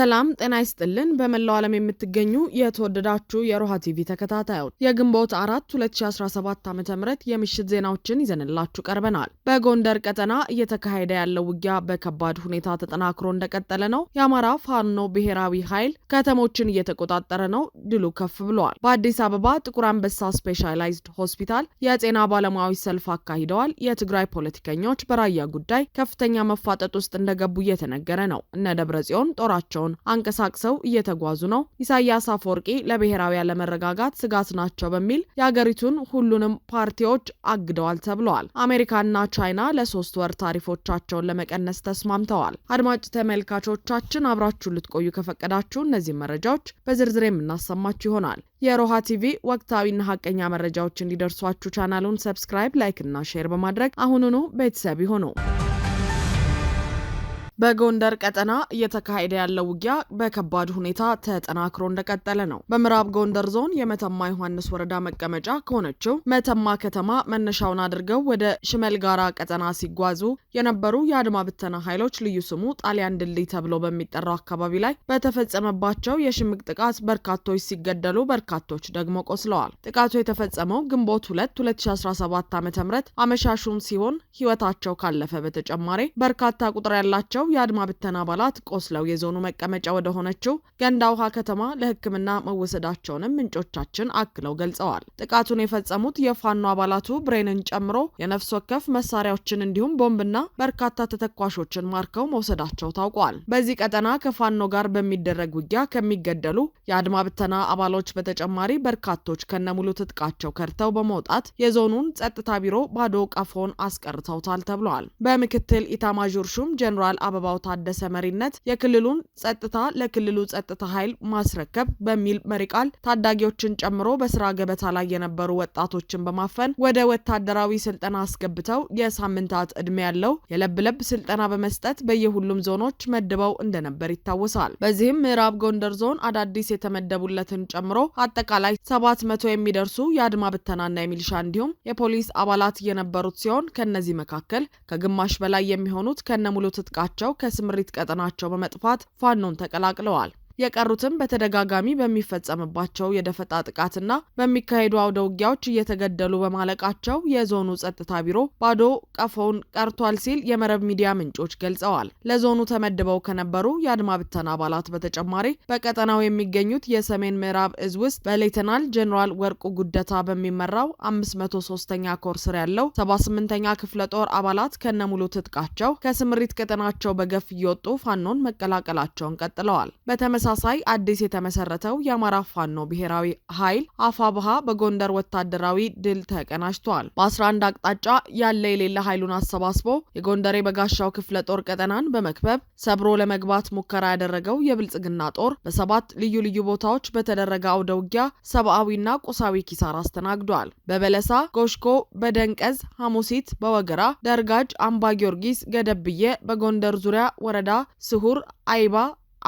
ሰላም ጤና ይስጥልን። በመላው ዓለም የምትገኙ የተወደዳችሁ የሮሃ ቲቪ ተከታታዮች የግንቦት አራት 2017 ዓ ም የምሽት ዜናዎችን ይዘንላችሁ ቀርበናል። በጎንደር ቀጠና እየተካሄደ ያለው ውጊያ በከባድ ሁኔታ ተጠናክሮ እንደቀጠለ ነው። የአማራ ፋኖ ብሔራዊ ኃይል ከተሞችን እየተቆጣጠረ ነው። ድሉ ከፍ ብለዋል። በአዲስ አበባ ጥቁር አንበሳ ስፔሻላይዝድ ሆስፒታል የጤና ባለሙያዎች ሰልፍ አካሂደዋል። የትግራይ ፖለቲከኞች በራያ ጉዳይ ከፍተኛ መፋጠጥ ውስጥ እንደገቡ እየተነገረ ነው። እነ ደብረ ጽዮን ጦራቸውን ጦራቸውን አንቀሳቅሰው እየተጓዙ ነው። ኢሳያስ አፈወርቂ ለብሔራዊ አለመረጋጋት ስጋት ናቸው በሚል የአገሪቱን ሁሉንም ፓርቲዎች አግደዋል ተብለዋል። አሜሪካና ቻይና ለሶስት ወር ታሪፎቻቸውን ለመቀነስ ተስማምተዋል። አድማጭ ተመልካቾቻችን አብራችሁን ልትቆዩ ከፈቀዳችሁ እነዚህ መረጃዎች በዝርዝር የምናሰማችሁ ይሆናል። የሮሃ ቲቪ ወቅታዊና ሀቀኛ መረጃዎች እንዲደርሷችሁ ቻናሉን ሰብስክራይብ፣ ላይክ እና ሼር በማድረግ አሁኑኑ ቤተሰብ ይሁኑ። በጎንደር ቀጠና እየተካሄደ ያለው ውጊያ በከባድ ሁኔታ ተጠናክሮ እንደቀጠለ ነው። በምዕራብ ጎንደር ዞን የመተማ ዮሐንስ ወረዳ መቀመጫ ከሆነችው መተማ ከተማ መነሻውን አድርገው ወደ ሽመልጋራ ቀጠና ሲጓዙ የነበሩ የአድማ ብተና ኃይሎች ልዩ ስሙ ጣሊያን ድልድይ ተብሎ በሚጠራው አካባቢ ላይ በተፈጸመባቸው የሽምቅ ጥቃት በርካቶች ሲገደሉ፣ በርካቶች ደግሞ ቆስለዋል። ጥቃቱ የተፈጸመው ግንቦት 2 2017 ዓ ም አመሻሹን ሲሆን ህይወታቸው ካለፈ በተጨማሪ በርካታ ቁጥር ያላቸው የአድማ ብተና አባላት ቆስለው የዞኑ መቀመጫ ወደ ሆነችው ገንዳ ውሃ ከተማ ለሕክምና መወሰዳቸውንም ምንጮቻችን አክለው ገልጸዋል። ጥቃቱን የፈጸሙት የፋኖ አባላቱ ብሬንን ጨምሮ የነፍስ ወከፍ መሳሪያዎችን እንዲሁም ቦምብና በርካታ ተተኳሾችን ማርከው መውሰዳቸው ታውቋል። በዚህ ቀጠና ከፋኖ ጋር በሚደረግ ውጊያ ከሚገደሉ የአድማ ብተና አባሎች በተጨማሪ በርካቶች ከነሙሉ ትጥቃቸው ከድተው በመውጣት የዞኑን ጸጥታ ቢሮ ባዶ ቀፎን አስቀርተውታል ተብሏል። በምክትል ኢታማዦር ሹም ጀኔራል አበ አበባው ታደሰ መሪነት የክልሉን ጸጥታ ለክልሉ ጸጥታ ኃይል ማስረከብ በሚል መሪ ቃል ታዳጊዎችን ጨምሮ በስራ ገበታ ላይ የነበሩ ወጣቶችን በማፈን ወደ ወታደራዊ ስልጠና አስገብተው የሳምንታት ዕድሜ ያለው የለብለብ ስልጠና በመስጠት በየሁሉም ዞኖች መድበው እንደነበር ይታወሳል። በዚህም ምዕራብ ጎንደር ዞን አዳዲስ የተመደቡለትን ጨምሮ አጠቃላይ ሰባት መቶ የሚደርሱ የአድማ ብተናና የሚልሻ እንዲሁም የፖሊስ አባላት የነበሩት ሲሆን ከነዚህ መካከል ከግማሽ በላይ የሚሆኑት ከነሙሉ ትጥቃቸው መሆናቸው ከስምሪት ቀጠናቸው በመጥፋት ፋኖን ተቀላቅለዋል። የቀሩትም በተደጋጋሚ በሚፈጸምባቸው የደፈጣ ጥቃትና በሚካሄዱ አውደ ውጊያዎች እየተገደሉ በማለቃቸው የዞኑ ጸጥታ ቢሮ ባዶ ቀፎውን ቀርቷል ሲል የመረብ ሚዲያ ምንጮች ገልጸዋል። ለዞኑ ተመድበው ከነበሩ የአድማ ብተና አባላት በተጨማሪ በቀጠናው የሚገኙት የሰሜን ምዕራብ እዝ ውስጥ በሌተናል ጄኔራል ወርቁ ጉደታ በሚመራው 503ኛ ኮር ስር ያለው 78ኛ ክፍለ ጦር አባላት ከነሙሉ ትጥቃቸው ከስምሪት ቀጠናቸው በገፍ እየወጡ ፋኖን መቀላቀላቸውን ቀጥለዋል። በተመሳ በተመሳሳይ አዲስ የተመሰረተው የአማራ ፋኖ ብሔራዊ ኃይል አፋብሃ በጎንደር ወታደራዊ ድል ተቀናጅቷል በ በ11 አቅጣጫ ያለ የሌለ ኃይሉን አሰባስቦ የጎንደር የበጋሻው ክፍለ ጦር ቀጠናን በመክበብ ሰብሮ ለመግባት ሙከራ ያደረገው የብልጽግና ጦር በሰባት ልዩ ልዩ ቦታዎች በተደረገ አውደ ውጊያ ሰብአዊና ቁሳዊ ኪሳራ አስተናግዷል። በበለሳ ጎሽኮ፣ በደንቀዝ፣ ሐሙሲት፣ በወገራ፣ ደርጋጅ፣ አምባ ጊዮርጊስ፣ ገደብዬ፣ በጎንደር ዙሪያ ወረዳ ስሁር አይባ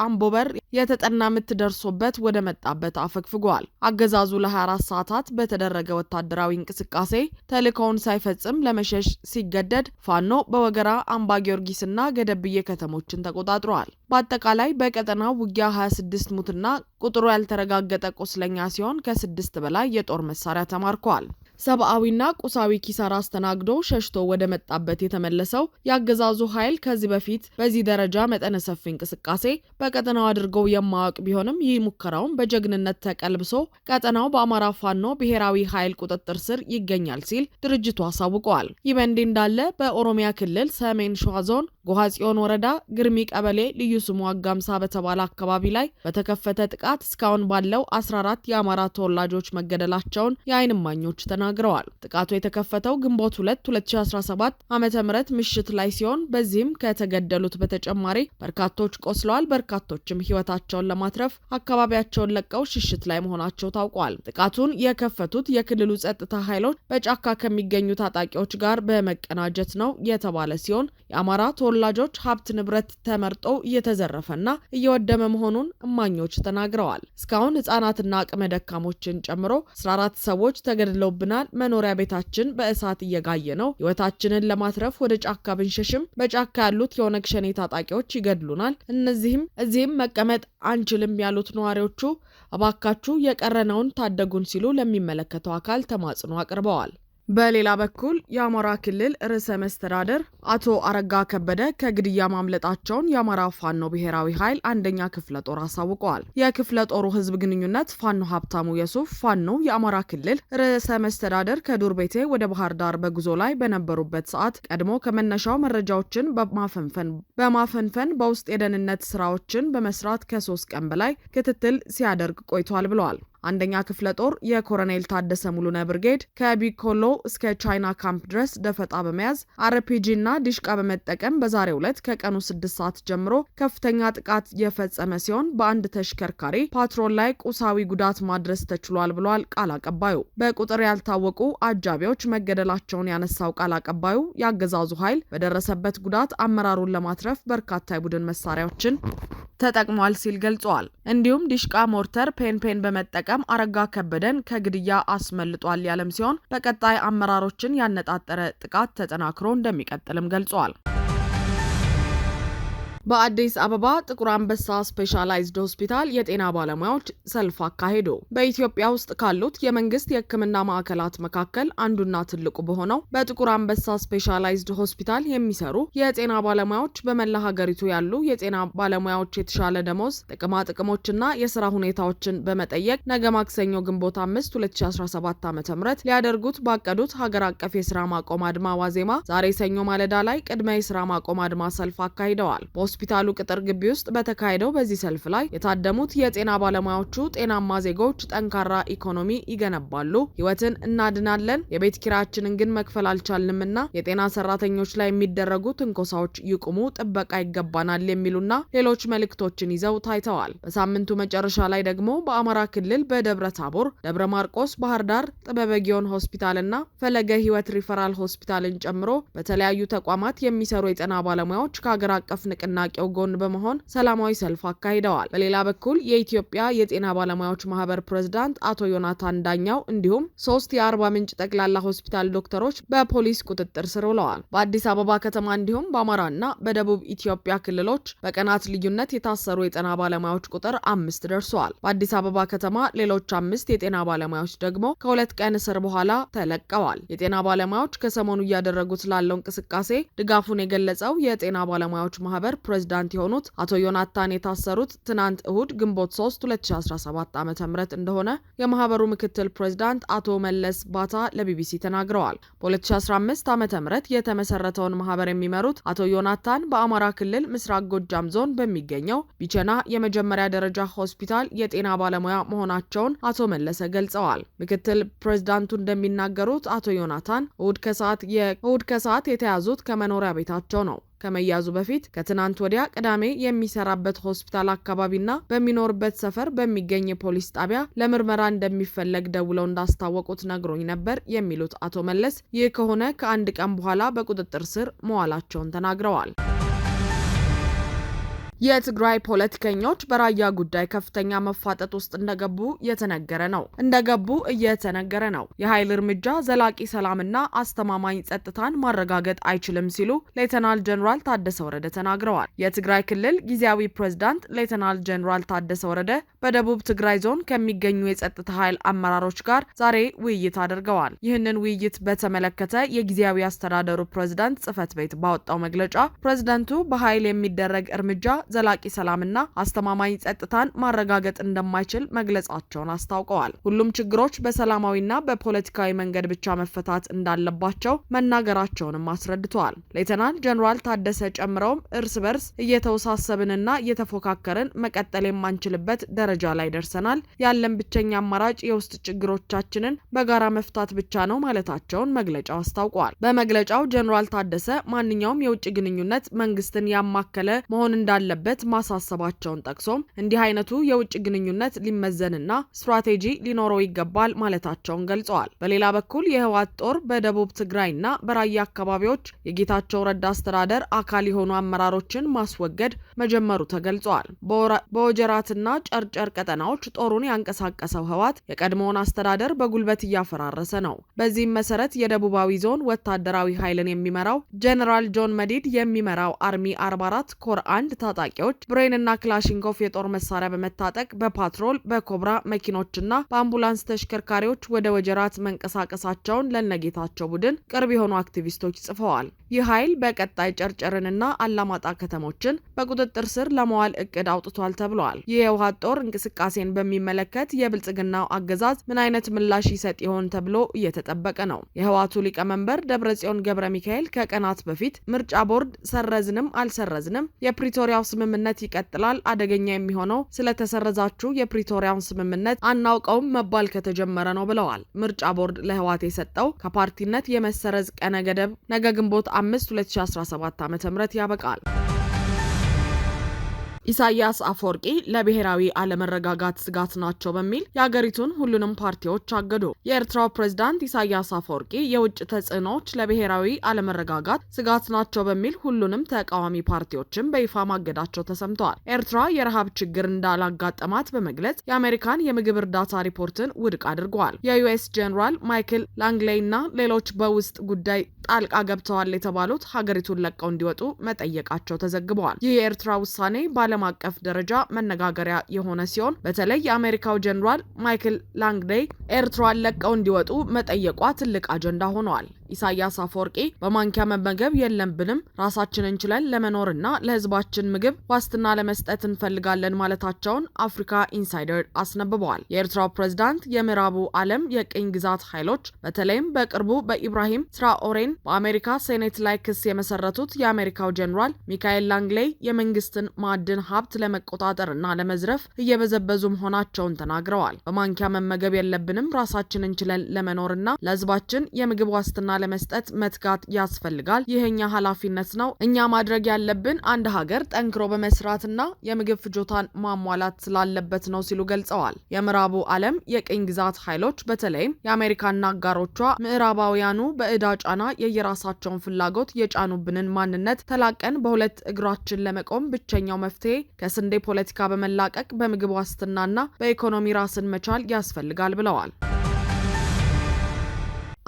አምቦ በር የተጠና ምት ደርሶበት ወደ መጣበት አፈግፍጓል። አገዛዙ ለ24 ሰዓታት በተደረገ ወታደራዊ እንቅስቃሴ ተልእኮውን ሳይፈጽም ለመሸሽ ሲገደድ ፋኖ በወገራ አምባ ጊዮርጊስና ገደብዬ ከተሞችን ተቆጣጥረዋል። በአጠቃላይ በቀጠናው ውጊያ 26 ሙትና ቁጥሩ ያልተረጋገጠ ቁስለኛ ሲሆን ከ ከ6 በላይ የጦር መሳሪያ ተማርከዋል። ሰብአዊና ቁሳዊ ኪሳራ አስተናግዶ ሸሽቶ ወደ መጣበት የተመለሰው የአገዛዙ ኃይል ከዚህ በፊት በዚህ ደረጃ መጠነ ሰፊ እንቅስቃሴ በቀጠናው አድርገው የማወቅ ቢሆንም ይህ ሙከራውን በጀግንነት ተቀልብሶ ቀጠናው በአማራ ፋኖ ብሔራዊ ኃይል ቁጥጥር ስር ይገኛል ሲል ድርጅቱ አሳውቀዋል። ይህ በእንዲህ እንዳለ በኦሮሚያ ክልል ሰሜን ሸዋ ዞን ጎሃ ጽዮን ወረዳ ግርሚ ቀበሌ ልዩ ስሙ አጋምሳ በተባለ አካባቢ ላይ በተከፈተ ጥቃት እስካሁን ባለው 14 የአማራ ተወላጆች መገደላቸውን የአይን እማኞች ተናግረዋል። ጥቃቱ የተከፈተው ግንቦት 2 2017 ዓ ም ምሽት ላይ ሲሆን በዚህም ከተገደሉት በተጨማሪ በርካቶች ቆስለዋል። በርካቶችም ህይወታቸውን ለማትረፍ አካባቢያቸውን ለቀው ሽሽት ላይ መሆናቸው ታውቋል። ጥቃቱን የከፈቱት የክልሉ ጸጥታ ኃይሎች በጫካ ከሚገኙ ታጣቂዎች ጋር በመቀናጀት ነው የተባለ ሲሆን የአማራ ተወላጆች ሀብት ንብረት ተመርጦ እየተዘረፈና እየወደመ መሆኑን እማኞች ተናግረዋል። እስካሁን ህጻናትና አቅመ ደካሞችን ጨምሮ 14 ሰዎች ተገድለውብናል። መኖሪያ ቤታችን በእሳት እየጋየ ነው። ህይወታችንን ለማትረፍ ወደ ጫካ ብንሸሽም በጫካ ያሉት የኦነግ ሸኔ ታጣቂዎች ይገድሉናል። እነዚህም እዚህም መቀመጥ አንችልም ያሉት ነዋሪዎቹ እባካችሁ የቀረነውን ታደጉን ሲሉ ለሚመለከተው አካል ተማጽኖ አቅርበዋል። በሌላ በኩል የአማራ ክልል ርዕሰ መስተዳደር አቶ አረጋ ከበደ ከግድያ ማምለጣቸውን የአማራ ፋኖ ብሔራዊ ኃይል አንደኛ ክፍለ ጦር አሳውቀዋል። የክፍለ ጦሩ ህዝብ ግንኙነት ፋኖ ሀብታሙ የሱፍ ፋኖ የአማራ ክልል ርዕሰ መስተዳደር ከዱር ቤቴ ወደ ባህር ዳር በጉዞ ላይ በነበሩበት ሰዓት ቀድሞ ከመነሻው መረጃዎችን በማፈንፈን በማፈንፈን በውስጥ የደህንነት ስራዎችን በመስራት ከሶስት ቀን በላይ ክትትል ሲያደርግ ቆይቷል ብለዋል። አንደኛ ክፍለ ጦር የኮሎኔል ታደሰ ሙሉነ ብርጌድ ከቢኮሎ እስከ ቻይና ካምፕ ድረስ ደፈጣ በመያዝ አረፒጂ እና ዲሽቃ በመጠቀም በዛሬው ዕለት ከቀኑ ስድስት ሰዓት ጀምሮ ከፍተኛ ጥቃት የፈጸመ ሲሆን በአንድ ተሽከርካሪ ፓትሮል ላይ ቁሳዊ ጉዳት ማድረስ ተችሏል ብሏል ቃል አቀባዩ። በቁጥር ያልታወቁ አጃቢዎች መገደላቸውን ያነሳው ቃል አቀባዩ ያገዛዙ ኃይል በደረሰበት ጉዳት አመራሩን ለማትረፍ በርካታ የቡድን መሳሪያዎችን ተጠቅሟል ሲል ገልጸዋል። እንዲሁም ዲሽቃ፣ ሞርተር፣ ፔንፔን በመጠቀም አረጋ ከበደን ከግድያ አስመልጧል ያለም ሲሆን በቀጣይ አመራሮችን ያነጣጠረ ጥቃት ተጠናክሮ እንደሚቀጥልም ገልጿል። በአዲስ አበባ ጥቁር አንበሳ ስፔሻላይዝድ ሆስፒታል የጤና ባለሙያዎች ሰልፍ አካሄዱ። በኢትዮጵያ ውስጥ ካሉት የመንግስት የሕክምና ማዕከላት መካከል አንዱና ትልቁ በሆነው በጥቁር አንበሳ ስፔሻላይዝድ ሆስፒታል የሚሰሩ የጤና ባለሙያዎች በመላ ሀገሪቱ ያሉ የጤና ባለሙያዎች የተሻለ ደሞዝ፣ ጥቅማ ጥቅሞችና የስራ ሁኔታዎችን በመጠየቅ ነገ ማክሰኞ ግንቦት 5 2017 ዓ ም ሊያደርጉት ባቀዱት ሀገር አቀፍ የስራ ማቆም አድማ ዋዜማ ዛሬ ሰኞ ማለዳ ላይ ቅድመ የስራ ማቆም አድማ ሰልፍ አካሂደዋል። ሆስፒታሉ ቅጥር ግቢ ውስጥ በተካሄደው በዚህ ሰልፍ ላይ የታደሙት የጤና ባለሙያዎቹ ጤናማ ዜጎች ጠንካራ ኢኮኖሚ ይገነባሉ፣ ህይወትን እናድናለን፣ የቤት ኪራያችንን ግን መክፈል አልቻልንምና የጤና ሰራተኞች ላይ የሚደረጉ ትንኮሳዎች ይቁሙ፣ ጥበቃ ይገባናል የሚሉና ሌሎች መልእክቶችን ይዘው ታይተዋል። በሳምንቱ መጨረሻ ላይ ደግሞ በአማራ ክልል በደብረ ታቦር፣ ደብረ ማርቆስ፣ ባህር ዳር ጥበበጊዮን ሆስፒታልና ፈለገ ህይወት ሪፈራል ሆስፒታልን ጨምሮ በተለያዩ ተቋማት የሚሰሩ የጤና ባለሙያዎች ከሀገር አቀፍ ንቅና ከንቅናቄው ጎን በመሆን ሰላማዊ ሰልፍ አካሂደዋል። በሌላ በኩል የኢትዮጵያ የጤና ባለሙያዎች ማህበር ፕሬዝዳንት አቶ ዮናታን ዳኛው እንዲሁም ሶስት የአርባ ምንጭ ጠቅላላ ሆስፒታል ዶክተሮች በፖሊስ ቁጥጥር ስር ውለዋል። በአዲስ አበባ ከተማ እንዲሁም በአማራና በደቡብ ኢትዮጵያ ክልሎች በቀናት ልዩነት የታሰሩ የጤና ባለሙያዎች ቁጥር አምስት ደርሰዋል። በአዲስ አበባ ከተማ ሌሎች አምስት የጤና ባለሙያዎች ደግሞ ከሁለት ቀን እስር በኋላ ተለቀዋል። የጤና ባለሙያዎች ከሰሞኑ እያደረጉት ላለው እንቅስቃሴ ድጋፉን የገለጸው የጤና ባለሙያዎች ማህበር ፕሬዚዳንት የሆኑት አቶ ዮናታን የታሰሩት ትናንት እሁድ ግንቦት 3 2017 ዓ ም እንደሆነ የማህበሩ ምክትል ፕሬዚዳንት አቶ መለስ ባታ ለቢቢሲ ተናግረዋል። በ2015 ዓ ም የተመሰረተውን ማህበር የሚመሩት አቶ ዮናታን በአማራ ክልል ምስራቅ ጎጃም ዞን በሚገኘው ቢቸና የመጀመሪያ ደረጃ ሆስፒታል የጤና ባለሙያ መሆናቸውን አቶ መለሰ ገልጸዋል። ምክትል ፕሬዚዳንቱ እንደሚናገሩት አቶ ዮናታን እሁድ ከሰዓት የተያዙት ከመኖሪያ ቤታቸው ነው። ከመያዙ በፊት ከትናንት ወዲያ ቅዳሜ የሚሰራበት ሆስፒታል አካባቢና በሚኖርበት ሰፈር በሚገኝ የፖሊስ ጣቢያ ለምርመራ እንደሚፈለግ ደውለው እንዳስታወቁት ነግሮኝ ነበር የሚሉት አቶ መለስ ይህ ከሆነ ከአንድ ቀን በኋላ በቁጥጥር ስር መዋላቸውን ተናግረዋል። የትግራይ ፖለቲከኞች በራያ ጉዳይ ከፍተኛ መፋጠጥ ውስጥ እንደገቡ የተነገረ ነው እንደገቡ እየተነገረ ነው። የኃይል እርምጃ ዘላቂ ሰላምና አስተማማኝ ጸጥታን ማረጋገጥ አይችልም ሲሉ ሌተናል ጀኔራል ታደሰ ወረደ ተናግረዋል። የትግራይ ክልል ጊዜያዊ ፕሬዝዳንት ሌተናል ጀኔራል ታደሰ ወረደ በደቡብ ትግራይ ዞን ከሚገኙ የጸጥታ ኃይል አመራሮች ጋር ዛሬ ውይይት አድርገዋል። ይህንን ውይይት በተመለከተ የጊዜያዊ አስተዳደሩ ፕሬዝዳንት ጽህፈት ቤት ባወጣው መግለጫ ፕሬዝዳንቱ በኃይል የሚደረግ እርምጃ ዘላቂ ሰላምና አስተማማኝ ጸጥታን ማረጋገጥ እንደማይችል መግለጻቸውን አስታውቀዋል። ሁሉም ችግሮች በሰላማዊና በፖለቲካዊ መንገድ ብቻ መፈታት እንዳለባቸው መናገራቸውንም አስረድተዋል። ሌተናል ጀኔራል ታደሰ ጨምረውም እርስ በርስ እየተወሳሰብንና እየተፎካከርን መቀጠል የማንችልበት ደረጃ ላይ ደርሰናል። ያለን ብቸኛ አማራጭ የውስጥ ችግሮቻችንን በጋራ መፍታት ብቻ ነው ማለታቸውን መግለጫው አስታውቋል። በመግለጫው ጀኔራል ታደሰ ማንኛውም የውጭ ግንኙነት መንግስትን ያማከለ መሆን እንዳለ እንዳለበት ማሳሰባቸውን ጠቅሶ እንዲህ አይነቱ የውጭ ግንኙነት ሊመዘንና ስትራቴጂ ሊኖረው ይገባል ማለታቸውን ገልጸዋል። በሌላ በኩል የህወሓት ጦር በደቡብ ትግራይና በራያ አካባቢዎች የጌታቸው ረዳ አስተዳደር አካል የሆኑ አመራሮችን ማስወገድ መጀመሩ ተገልጿል። በወጀራትና ጨርጨር ቀጠናዎች ጦሩን ያንቀሳቀሰው ህወሓት የቀድሞውን አስተዳደር በጉልበት እያፈራረሰ ነው። በዚህም መሰረት የደቡባዊ ዞን ወታደራዊ ኃይልን የሚመራው ጄኔራል ጆን መዲድ የሚመራው አርሚ 44 ኮር አንድ ታጣ ታጣቂዎች ብሬንና ክላሽንኮቭ የጦር መሳሪያ በመታጠቅ በፓትሮል በኮብራ መኪኖችና በአምቡላንስ ተሽከርካሪዎች ወደ ወጀራት መንቀሳቀሳቸውን ለነጌታቸው ቡድን ቅርብ የሆኑ አክቲቪስቶች ጽፈዋል። ይህ ኃይል በቀጣይ ጨርጨርንና አላማጣ ከተሞችን በቁጥጥር ስር ለመዋል እቅድ አውጥቷል ተብለዋል። ይህ የህወሓት ጦር እንቅስቃሴን በሚመለከት የብልጽግናው አገዛዝ ምን አይነት ምላሽ ይሰጥ ይሆን ተብሎ እየተጠበቀ ነው። የህወሓቱ ሊቀመንበር ደብረጽዮን ገብረ ሚካኤል ከቀናት በፊት ምርጫ ቦርድ ሰረዝንም አልሰረዝንም የፕሪቶሪያው ስምምነት ይቀጥላል። አደገኛ የሚሆነው ስለተሰረዛችሁ የፕሪቶሪያውን ስምምነት አናውቀውም መባል ከተጀመረ ነው ብለዋል። ምርጫ ቦርድ ለህዋት የሰጠው ከፓርቲነት የመሰረዝ ቀነ ገደብ ነገ ግንቦት አምስት 2017 ዓ ም ያበቃል። ኢሳያስ አፈወርቂ ለብሔራዊ አለመረጋጋት ስጋት ናቸው በሚል የአገሪቱን ሁሉንም ፓርቲዎች አገዱ። የኤርትራው ፕሬዝዳንት ኢሳያስ አፈወርቂ የውጭ ተጽዕኖዎች ለብሔራዊ አለመረጋጋት ስጋት ናቸው በሚል ሁሉንም ተቃዋሚ ፓርቲዎችን በይፋ ማገዳቸው ተሰምተዋል። ኤርትራ የረሃብ ችግር እንዳላጋጠማት በመግለጽ የአሜሪካን የምግብ እርዳታ ሪፖርትን ውድቅ አድርገዋል። የዩኤስ ጄኔራል ማይክል ላንግሌይ እና ሌሎች በውስጥ ጉዳይ ጣልቃ ገብተዋል የተባሉት ሀገሪቱን ለቀው እንዲወጡ መጠየቃቸው ተዘግበዋል። ይህ የኤርትራ ውሳኔ ባለ በዓለም አቀፍ ደረጃ መነጋገሪያ የሆነ ሲሆን በተለይ የአሜሪካው ጀኔራል ማይክል ላንግዴይ ኤርትራን ለቀው እንዲወጡ መጠየቋ ትልቅ አጀንዳ ሆኗል። ኢሳያስ አፈወርቄ በማንኪያ መመገብ የለብንም፣ ራሳችን እንችለን ለመኖርና ለህዝባችን ምግብ ዋስትና ለመስጠት እንፈልጋለን ማለታቸውን አፍሪካ ኢንሳይደር አስነብበዋል። የኤርትራው ፕሬዝዳንት የምዕራቡ ዓለም የቅኝ ግዛት ኃይሎች በተለይም በቅርቡ በኢብራሂም ትራኦሬን በአሜሪካ ሴኔት ላይ ክስ የመሰረቱት የአሜሪካው ጀኔራል ሚካኤል ላንግሌይ የመንግስትን ማዕድን ሀብት ለመቆጣጠር እና ለመዝረፍ እየበዘበዙ መሆናቸውን ተናግረዋል። በማንኪያ መመገብ የለብንም፣ ራሳችን እንችለን ለመኖርና ለህዝባችን የምግብ ዋስትና ለመስጠት መትጋት ያስፈልጋል። ይሄኛ ኃላፊነት ነው። እኛ ማድረግ ያለብን አንድ ሀገር ጠንክሮ በመስራትና የምግብ ፍጆታን ማሟላት ስላለበት ነው ሲሉ ገልጸዋል። የምዕራቡ ዓለም የቅኝ ግዛት ኃይሎች በተለይም የአሜሪካና አጋሮቿ ምዕራባውያኑ በዕዳ ጫና የየራሳቸውን ፍላጎት የጫኑብንን ማንነት ተላቀን በሁለት እግራችን ለመቆም ብቸኛው መፍትሄ ከስንዴ ፖለቲካ በመላቀቅ በምግብ ዋስትናና በኢኮኖሚ ራስን መቻል ያስፈልጋል ብለዋል።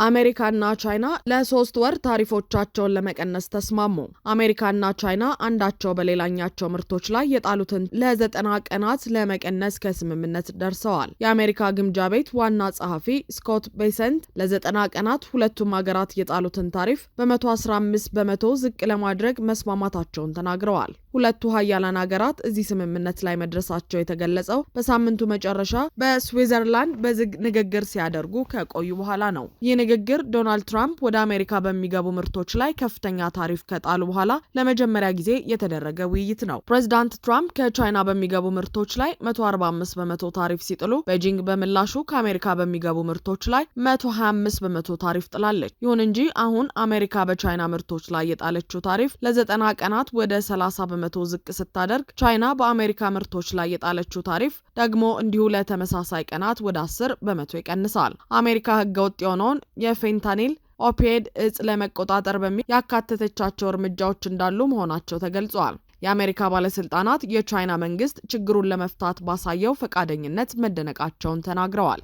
አሜሪካና ቻይና ለሶስት ወር ታሪፎቻቸውን ለመቀነስ ተስማሙ። አሜሪካና ቻይና አንዳቸው በሌላኛቸው ምርቶች ላይ የጣሉትን ለዘጠና ቀናት ለመቀነስ ከስምምነት ደርሰዋል። የአሜሪካ ግምጃ ቤት ዋና ጸሐፊ ስኮት ቤሰንት ለዘጠና ቀናት ሁለቱም ሀገራት የጣሉትን ታሪፍ በመቶ አስራ አምስት በመቶ ዝቅ ለማድረግ መስማማታቸውን ተናግረዋል። ሁለቱ ሀያላን ሀገራት እዚህ ስምምነት ላይ መድረሳቸው የተገለጸው በሳምንቱ መጨረሻ በስዊዘርላንድ በዝግ ንግግር ሲያደርጉ ከቆዩ በኋላ ነው። ይህ ንግግር ዶናልድ ትራምፕ ወደ አሜሪካ በሚገቡ ምርቶች ላይ ከፍተኛ ታሪፍ ከጣሉ በኋላ ለመጀመሪያ ጊዜ የተደረገ ውይይት ነው። ፕሬዚዳንት ትራምፕ ከቻይና በሚገቡ ምርቶች ላይ 145 በመቶ ታሪፍ ሲጥሉ ቤጂንግ በምላሹ ከአሜሪካ በሚገቡ ምርቶች ላይ 125 በመቶ ታሪፍ ጥላለች። ይሁን እንጂ አሁን አሜሪካ በቻይና ምርቶች ላይ የጣለችው ታሪፍ ለዘጠና ቀናት ወደ 30 በመቶ ዝቅ ስታደርግ ቻይና በአሜሪካ ምርቶች ላይ የጣለችው ታሪፍ ደግሞ እንዲሁ ለተመሳሳይ ቀናት ወደ አስር በመቶ ይቀንሳል። አሜሪካ ህገወጥ የሆነውን የፌንታኒል ኦፒኤድ እጽ ለመቆጣጠር በሚል ያካተተቻቸው እርምጃዎች እንዳሉ መሆናቸው ተገልጿል። የአሜሪካ ባለስልጣናት የቻይና መንግስት ችግሩን ለመፍታት ባሳየው ፈቃደኝነት መደነቃቸውን ተናግረዋል።